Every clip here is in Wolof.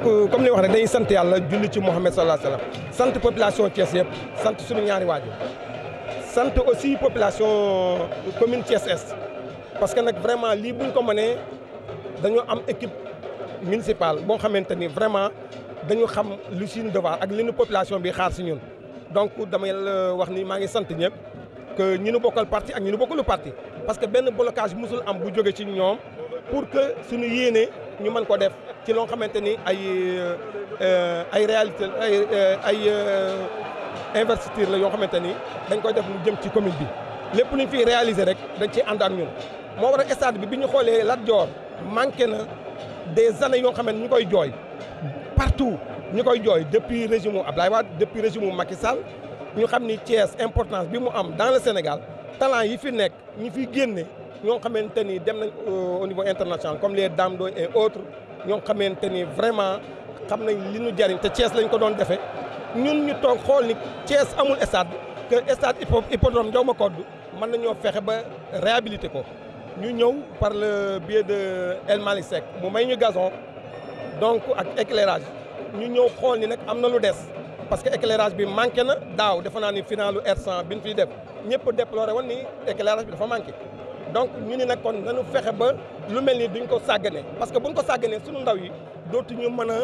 comme li wax rek dañuy sant yàlla julli ci Mouhamed sallallahu alayhi wa sallam sant population Thiès sant suñu ñaari waajur sant aussi population commune Thiès Est parce que nag vraiment lii buñ ko mënee dañoo am équipe municipale boo xamante ni vraiment dañu xam lu suñu devoir ak li ñu population bi xaar si ñun donc damay wax ni maa ngi sant ñëpp que ñu nu bokkal parti ak ñu nu bokkalu parti parce que benn blocage musul am bu joge ci ñoom pour que suñu yéenee ñu mën ko def ci loo xamante ni ay euh, ay réalité ay euh, ay euh, investiture la yoo xamante ni dañ koy def mu jëm ci commune bi lépp luñ fiy réaliser rek dañ ciy ànd ak ñun moo war a stade bi bi ñu xoolee Lat Dior manqué na des années yoo xam ñu koy jooy partout ñu koy jooy depuis régime u Abdoulaye Wade depuis régime u Macky ñu xam ni Thiès importance bi mu am dans le Sénégal talent yi fi nekk ñi fiy génne ñoo xamante ni dem nañ euh, au niveau international comme les Dame Doy et autres ñoo xamante ni vraiment xam nañ li ñu jariñ te Thiès lañ ko doon defee ñun ñu toog xool ni Thiès amul stade que stade hippodrome Ndiaw Macodou mën nañoo fexe ba réabilité ko ñu ñëw par le biais de El Malick mu may ñu gazon donc ak éclairage ñu ñëw xool ni nag am na lu des parce que éclairage bi manqué na daaw defe naa ni finalu R100 bi ñu fiy def ñëpp déploré woon ni éclairage bi dafa manqué donc ñu ne nag kon nañu fexe ba lu mel ni duñ ko sàggane parce que buñ ko sàgganee suñu ndaw yi dootuñu mën a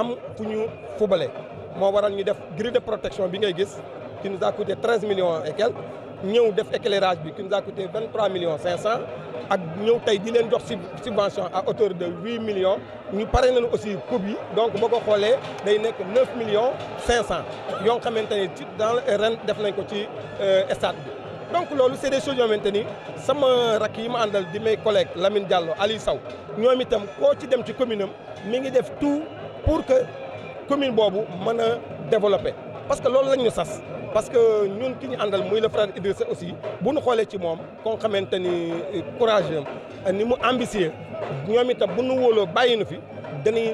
am fu ñu fubale moo waral ñu def grille de protection bi ngay gis qui nous a coûté treize millions et ñëw def éclairage bi qui nous a coûté vingt trois millions cent ak ñëw tey di leen jox subvention à hauteur de huit millions ñu pare nañu aussi coupe yi donc boo ko xoolee day nekk neuf millions cinq cent yoo xamante ne ci dans ren def nañ ko ci euh, stade bi donc loolu c'est des choses xamante ni sama rakk yi ma àndal di mes collègues Lamine Diallo Aliou Sow ñoom itam koo ci dem ci commune am mi ngi def tout pour que commune boobu mën a développer parce que loolu lañ ñu sas parce que ñun ki ñu àndal muy le frère sa aussi bu nu xoolee ci moom kon xamante ni courageux ni mu ambitieux ñoom itam bu nu wóoloo bàyyi nu fi dañuy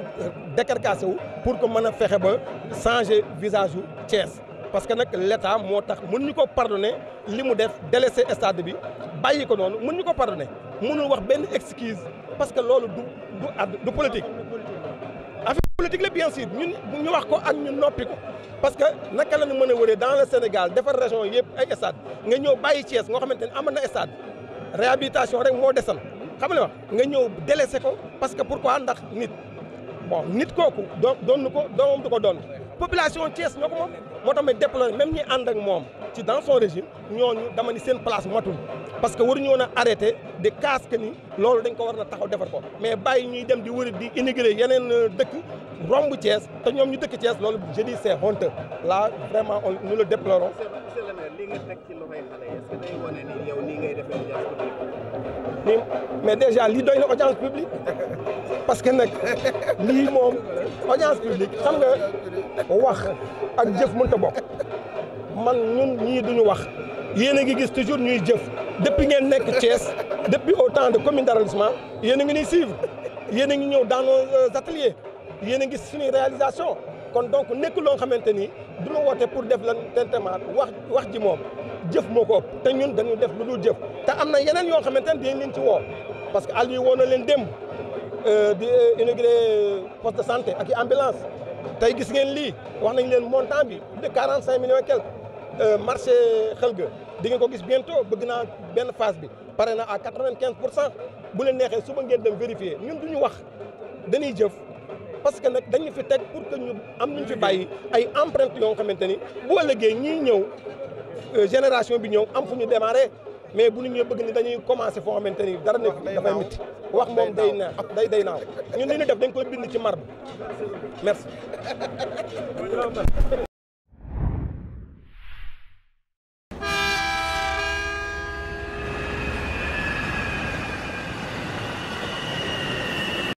décarcassé wu pour que mën a fexe ba changer visage yu Thiès parce que nag l'état moo tax mun ñu ko pardonner li mu def délaissé stade bi bàyyi ko noonu mën ñu ko pardonner mënul wax benn exquise parce que loolu du du àdd du politique. affaire politique la bien sûr ñun ñu wax ko ak ñu noppi ko parce que naka la ñu mën a wëree dans le Sénégal defar région yëpp ay stade nga ñëw bàyyi Thiès nga xamante ne amoon na stade réhabilitation rek moo desal xam nga wax nga ñëw délaissé ko parce que pourquoi ndax nit bon nit kooku doon doon ko doomam du ko doon. population cees ñoo ko moom moo tax may déploré même ñi ànd ak moom ci dans son régime ñooñu dama ni seen place matul parce que waruñu woon a arrêté di kaas que ni loolu dañ ko war na taxaw defar ko mais bàyyi ñuy dem di wëri di immigré yeneen euh, dëkk romb Thiès te ñoom ñu dëkk Thiès loolu je dis c'est honteux là vraiment on nous le déplorons. monsieur le maire nii ngay defee audience publique. mais déjà lii doy na audience publique parce que nag lii moom audience publique xam nga wax ak jëf mënta bokk. man ñun ñii duñu wax yéen a ngi gis toujours ñuy jëf depuis ngeen nekk Thiès depuis au temps de commune d' arrondissement yéen a ngi ñuy suivre yéen a ngi ñëw dans nos euh, ateliers yéen a ngi suñuy réalisation kon donc nekk loo xamante ni du ma woote pour def lan tentement wax wax ji moom jëf moo ko te ñun dañu def lu dul jëf te am na yeneen yoo xamante ne dinañ leen ci woo parce que Aliou woo na leen démb euh, di euh, inauguré poste de santé ak i ambulance tey gis ngeen lii wax nañ leen montant bi de quarante cinq millions et Euh, marché Xelga di ngeen ko gis bientôt bëgg naa benn phase bi pare na à quatre-vingt-quinze pour cent bu leen neexee suba ngeen dem vérifier ñun du ñu wax dañuy jëf parce que nag dañu fi teg pour que ñu am ñu fi bàyyi ay empreinte yoo xamante ni bu ëllëgee ñiy ñëw euh, génération bi ñëw am fu ñu démarré mais bu ñu ñëw bëgg ni dañuy commencé foo xamante ni dara ne dafay métti wax moom day naa day day naaw ñun li ñu def dañ koy bind ci marbre merci